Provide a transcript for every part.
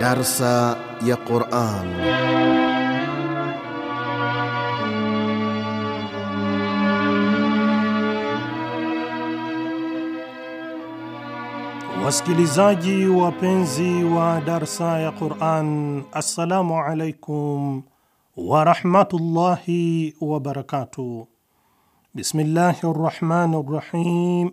درس يا قرآن Wasikilizaji wapenzi wa darsa ya Quran, assalamu alaikum wa rahmatullahi wa wabarakatuh. Bismillahi rrahmani rahim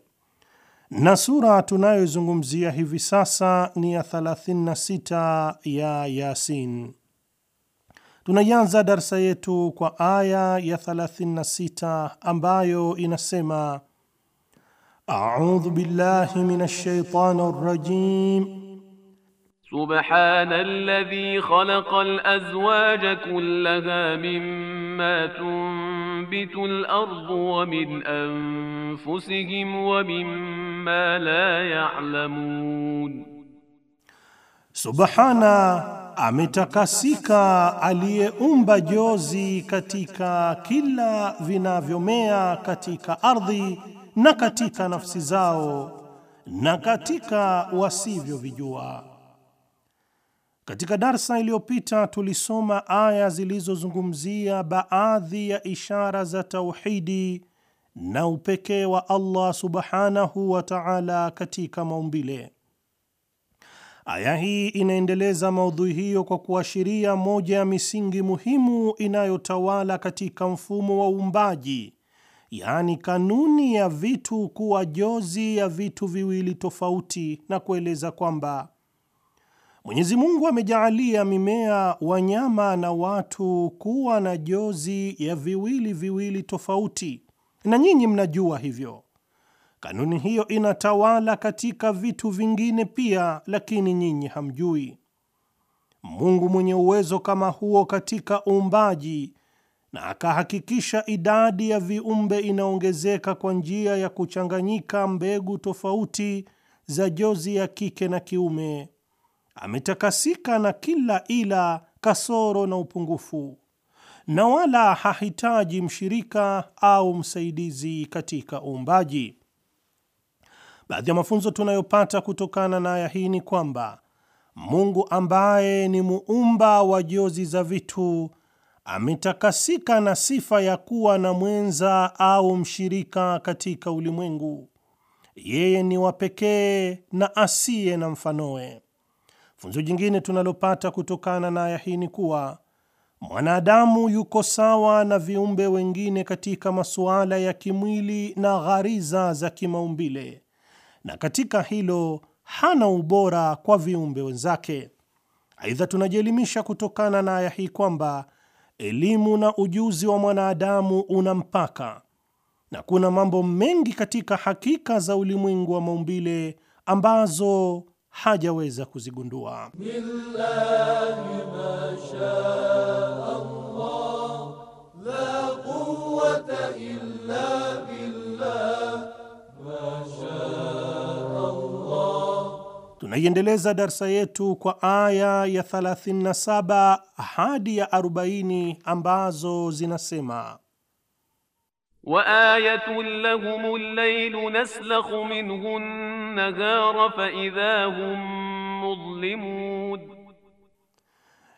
na sura tunayozungumzia hivi sasa ni ya 36 ya Yasin. Tunaianza darsa yetu kwa aya ya 36 ambayo inasema: audhu billahi minash shaitani rajim Subhana alladhi khalaqa alazwaja kullaha mimma tum تنبت الأرض ومن أنفسهم ومما la ya'lamun, Subhana ametakasika aliyeumba jozi katika kila vinavyomea katika ardhi na katika nafsi zao na katika wasivyovijua. Katika darsa iliyopita tulisoma aya zilizozungumzia baadhi ya ishara za tauhidi na upekee wa Allah subhanahu wa ta'ala katika maumbile. Aya hii inaendeleza maudhui hiyo kwa kuashiria moja ya misingi muhimu inayotawala katika mfumo wa uumbaji, yaani kanuni ya vitu kuwa jozi ya vitu viwili tofauti, na kueleza kwamba Mwenyezi Mungu amejaalia mimea, wanyama na watu kuwa na jozi ya viwili viwili tofauti, na nyinyi mnajua hivyo. Kanuni hiyo inatawala katika vitu vingine pia, lakini nyinyi hamjui. Mungu mwenye uwezo kama huo katika uumbaji na akahakikisha idadi ya viumbe inaongezeka kwa njia ya kuchanganyika mbegu tofauti za jozi ya kike na kiume ametakasika na kila ila, kasoro na upungufu, na wala hahitaji mshirika au msaidizi katika uumbaji. Baadhi ya mafunzo tunayopata kutokana na aya hii ni kwamba Mungu ambaye ni muumba wa jozi za vitu ametakasika na sifa ya kuwa na mwenza au mshirika katika ulimwengu. Yeye ni wa pekee na asiye na mfanoe Funzo jingine tunalopata kutokana na aya hii ni kuwa mwanadamu yuko sawa na viumbe wengine katika masuala ya kimwili na ghariza za kimaumbile, na katika hilo hana ubora kwa viumbe wenzake. Aidha, tunajielimisha kutokana na aya hii kwamba elimu na ujuzi wa mwanadamu una mpaka na kuna mambo mengi katika hakika za ulimwengu wa maumbile ambazo hajaweza kuzigundua. Tunaiendeleza darsa yetu kwa aya ya 37 hadi ya 40 ambazo zinasema وآية لهم الليل نسلخ منه النهار فإذا هم مظلمون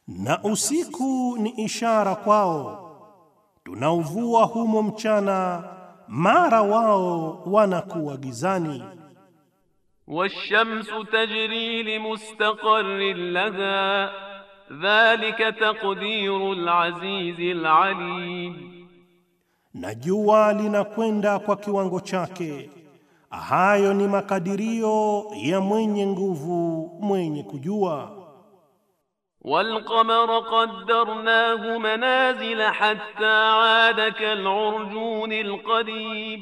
na usiku ni ishara kwao tunauvua humo mchana mara wao wanakuwa gizani washamsu tajri limustaqarrin laha dhalika taqdiru alazizi alalim na jua linakwenda kwa kiwango chake. Hayo ni makadirio ya mwenye nguvu, mwenye kujua. walqamara qaddarnahu manazila hatta ada kal'urjuni alqadib,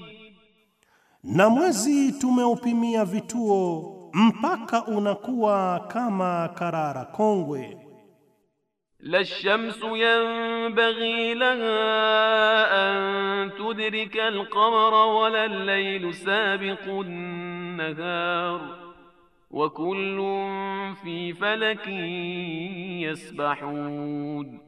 na mwezi tumeupimia vituo mpaka unakuwa kama karara kongwe la shamsu yanbaghi laha an tudrika alqamara wala allaylu sabiqun nahar wa kullun fi falakin yasbahun,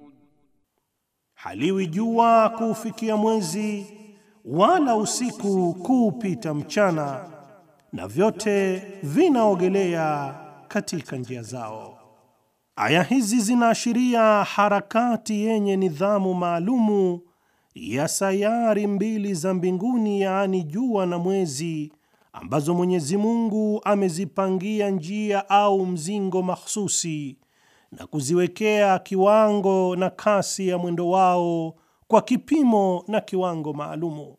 haliwi jua kuufikia mwezi wala usiku kuupita mchana na vyote vinaogelea katika njia zao. Aya hizi zinaashiria harakati yenye nidhamu maalumu ya sayari mbili za mbinguni, yaani jua na mwezi, ambazo Mwenyezi Mungu amezipangia njia au mzingo mahsusi na kuziwekea kiwango na kasi ya mwendo wao kwa kipimo na kiwango maalumu.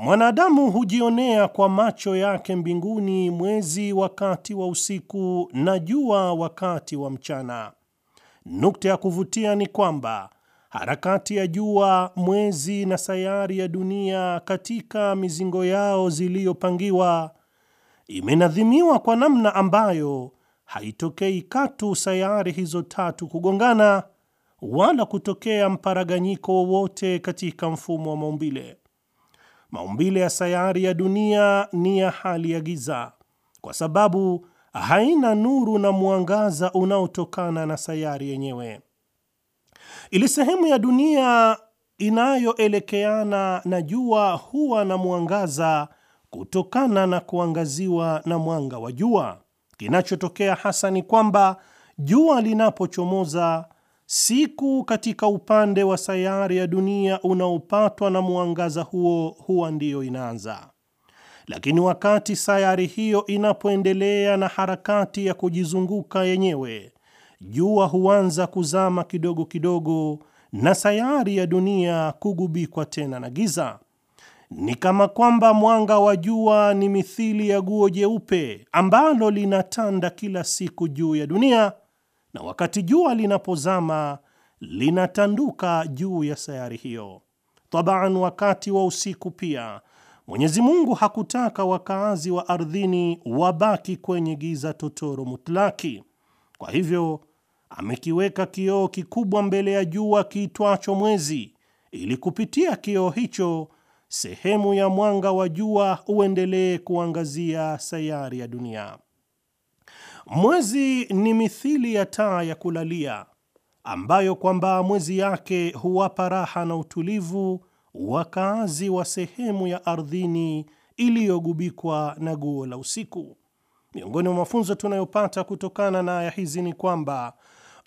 Mwanadamu hujionea kwa macho yake mbinguni mwezi wakati wa usiku na jua wakati wa mchana. Nukta ya kuvutia ni kwamba harakati ya jua, mwezi na sayari ya dunia katika mizingo yao ziliyopangiwa imenadhimiwa kwa namna ambayo haitokei katu sayari hizo tatu kugongana wala kutokea mparaganyiko wowote katika mfumo wa maumbile maumbile ya sayari ya dunia ni ya hali ya giza, kwa sababu haina nuru na mwangaza unaotokana na sayari yenyewe. Ili sehemu ya dunia inayoelekeana na jua huwa na mwangaza kutokana na kuangaziwa na mwanga wa jua. Kinachotokea hasa ni kwamba jua linapochomoza siku katika upande wa sayari ya dunia unaopatwa na mwangaza huo huwa ndiyo inaanza. Lakini wakati sayari hiyo inapoendelea na harakati ya kujizunguka yenyewe, jua huanza kuzama kidogo kidogo na sayari ya dunia kugubikwa tena na giza. Ni kama kwamba mwanga wa jua ni mithili ya guo jeupe ambalo linatanda kila siku juu ya dunia na wakati jua linapozama linatanduka juu ya sayari hiyo. Tabaan, wakati wa usiku pia Mwenyezi Mungu hakutaka wakaazi wa ardhini wabaki kwenye giza totoro mutlaki. Kwa hivyo amekiweka kioo kikubwa mbele ya jua kiitwacho mwezi, ili kupitia kioo hicho sehemu ya mwanga wa jua uendelee kuangazia sayari ya dunia. Mwezi ni mithili ya taa ya kulalia ambayo kwamba mwezi yake huwapa raha na utulivu wakazi wa sehemu ya ardhini iliyogubikwa na guo la usiku. Miongoni mwa mafunzo tunayopata kutokana na aya hizi ni kwamba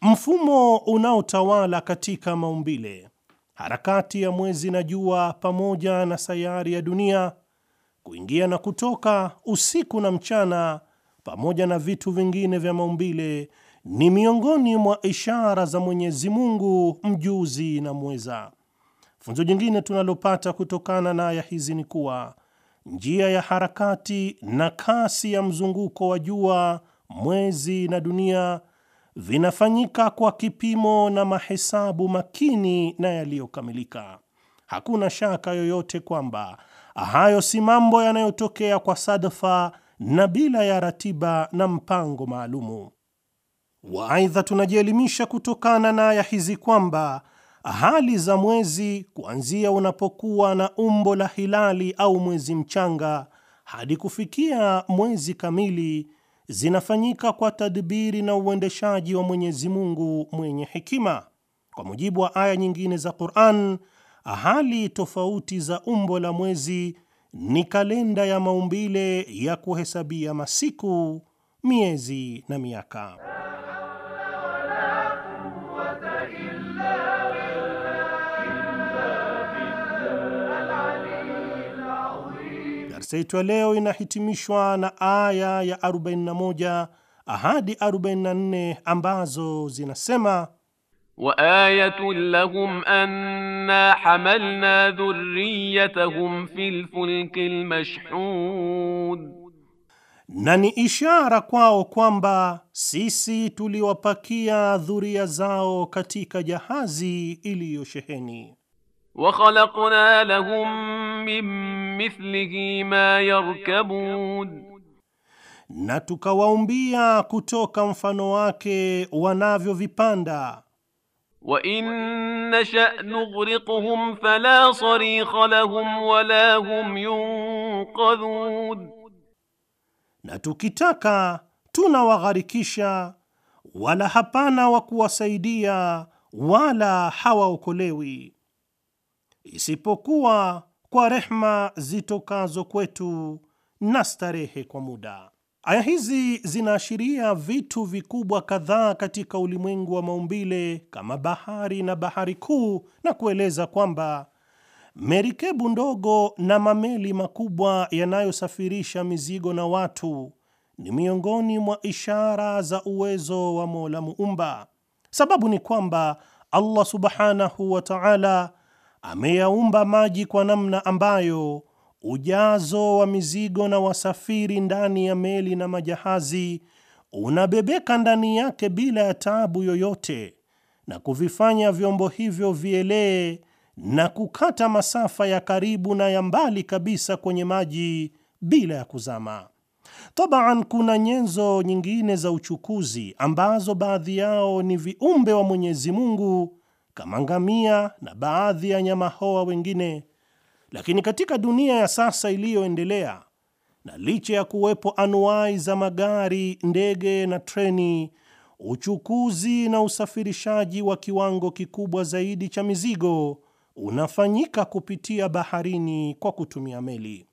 mfumo unaotawala katika maumbile, harakati ya mwezi na jua pamoja na sayari ya dunia, kuingia na kutoka usiku na mchana pamoja na vitu vingine vya maumbile ni miongoni mwa ishara za Mwenyezi Mungu mjuzi na mweza. Funzo jingine tunalopata kutokana na aya hizi ni kuwa njia ya harakati na kasi ya mzunguko wa jua, mwezi na dunia vinafanyika kwa kipimo na mahesabu makini na yaliyokamilika. Hakuna shaka yoyote kwamba hayo si mambo yanayotokea kwa sadfa na bila ya ratiba na mpango maalumu. Waaidha, tunajielimisha kutokana na aya hizi kwamba hali za mwezi kuanzia unapokuwa na umbo la hilali au mwezi mchanga hadi kufikia mwezi kamili zinafanyika kwa tadbiri na uendeshaji wa Mwenyezi Mungu mwenye hekima. Kwa mujibu wa aya nyingine za Qur'an, hali tofauti za umbo la mwezi ni kalenda ya maumbile ya kuhesabia masiku, miezi na miaka. Darsa yetu ya leo inahitimishwa na aya ya 41 ahadi 44 ambazo zinasema وآية لهم أنا حملنا ذريتهم في الفلك المشحون, na ni ishara kwao kwamba sisi tuliwapakia dhuria zao katika jahazi iliyosheheni. wa khalaqna lahum min mithlihi ma yarkabun, na tukawaumbia kutoka mfano wake wanavyovipanda وإن نشأ نغرقهم فلا صريخ lahum wala hum yunqadhun, na tukitaka tunawagharikisha, wala hapana wa kuwasaidia wala hawaokolewi, isipokuwa kwa rehma zitokazo kwetu na starehe kwa muda. Aya hizi zinaashiria vitu vikubwa kadhaa katika ulimwengu wa maumbile kama bahari na bahari kuu, na kueleza kwamba merikebu ndogo na mameli makubwa yanayosafirisha mizigo na watu ni miongoni mwa ishara za uwezo wa Mola Muumba. Sababu ni kwamba Allah subhanahu wa taala ameyaumba maji kwa namna ambayo ujazo wa mizigo na wasafiri ndani ya meli na majahazi unabebeka ndani yake bila ya taabu yoyote, na kuvifanya vyombo hivyo vielee na kukata masafa ya karibu na ya mbali kabisa kwenye maji bila ya kuzama. Tabaan, kuna nyenzo nyingine za uchukuzi ambazo baadhi yao ni viumbe wa Mwenyezi Mungu kama ngamia na baadhi ya nyama hoa wengine lakini katika dunia ya sasa iliyoendelea, na licha ya kuwepo anuwai za magari, ndege na treni, uchukuzi na usafirishaji wa kiwango kikubwa zaidi cha mizigo unafanyika kupitia baharini kwa kutumia meli.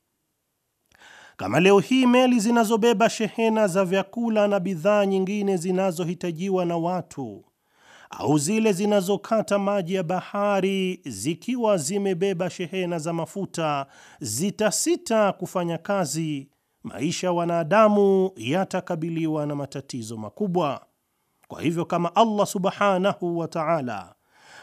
Kama leo hii meli zinazobeba shehena za vyakula na bidhaa nyingine zinazohitajiwa na watu au zile zinazokata maji ya bahari zikiwa zimebeba shehena za mafuta zitasita kufanya kazi, maisha ya wanadamu yatakabiliwa na matatizo makubwa. Kwa hivyo, kama Allah subhanahu wa ta'ala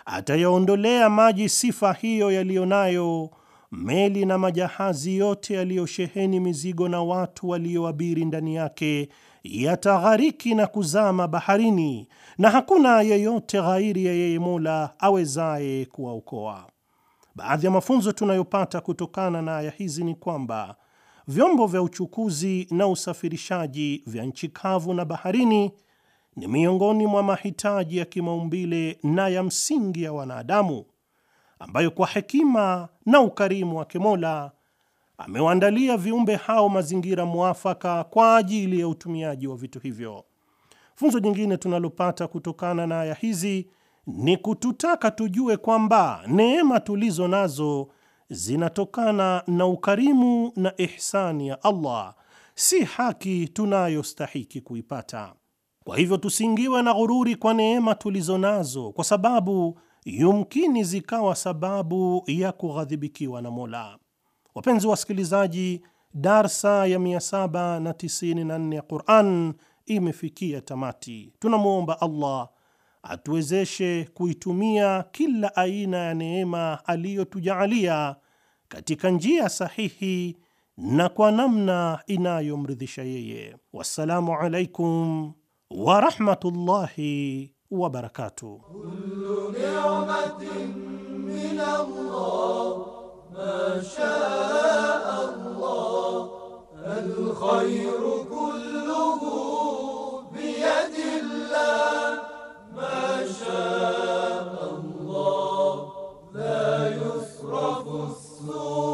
atayaondolea maji sifa hiyo yaliyo nayo meli na majahazi yote yaliyosheheni mizigo na watu walioabiri ndani yake yataghariki na kuzama baharini, na hakuna yeyote ghairi ya yeye Mola awezaye kuwaokoa. Baadhi ya mafunzo tunayopata kutokana na aya hizi ni kwamba vyombo vya uchukuzi na usafirishaji vya nchi kavu na baharini ni miongoni mwa mahitaji ya kimaumbile na ya msingi ya wanadamu ambayo kwa hekima na ukarimu wake Mola amewaandalia viumbe hao mazingira mwafaka kwa ajili ya utumiaji wa vitu hivyo. Funzo jingine tunalopata kutokana na aya hizi ni kututaka tujue kwamba neema tulizo nazo zinatokana na ukarimu na ihsani ya Allah, si haki tunayostahiki kuipata. Kwa hivyo tusiingiwe na ghururi kwa neema tulizo nazo, kwa sababu yumkini zikawa sababu ya kughadhibikiwa na Mola. Wapenzi wasikilizaji, darsa ya 794 ya Quran imefikia tamati. Tunamwomba Allah atuwezeshe kuitumia kila aina ya neema aliyotujaalia katika njia sahihi na kwa namna inayomridhisha yeye. Wassalamu alaikum warahmatullahi wabarakatuh. نعمة من الله ما شاء الله الخير كله بيد الله ما شاء الله لا يصرف السوء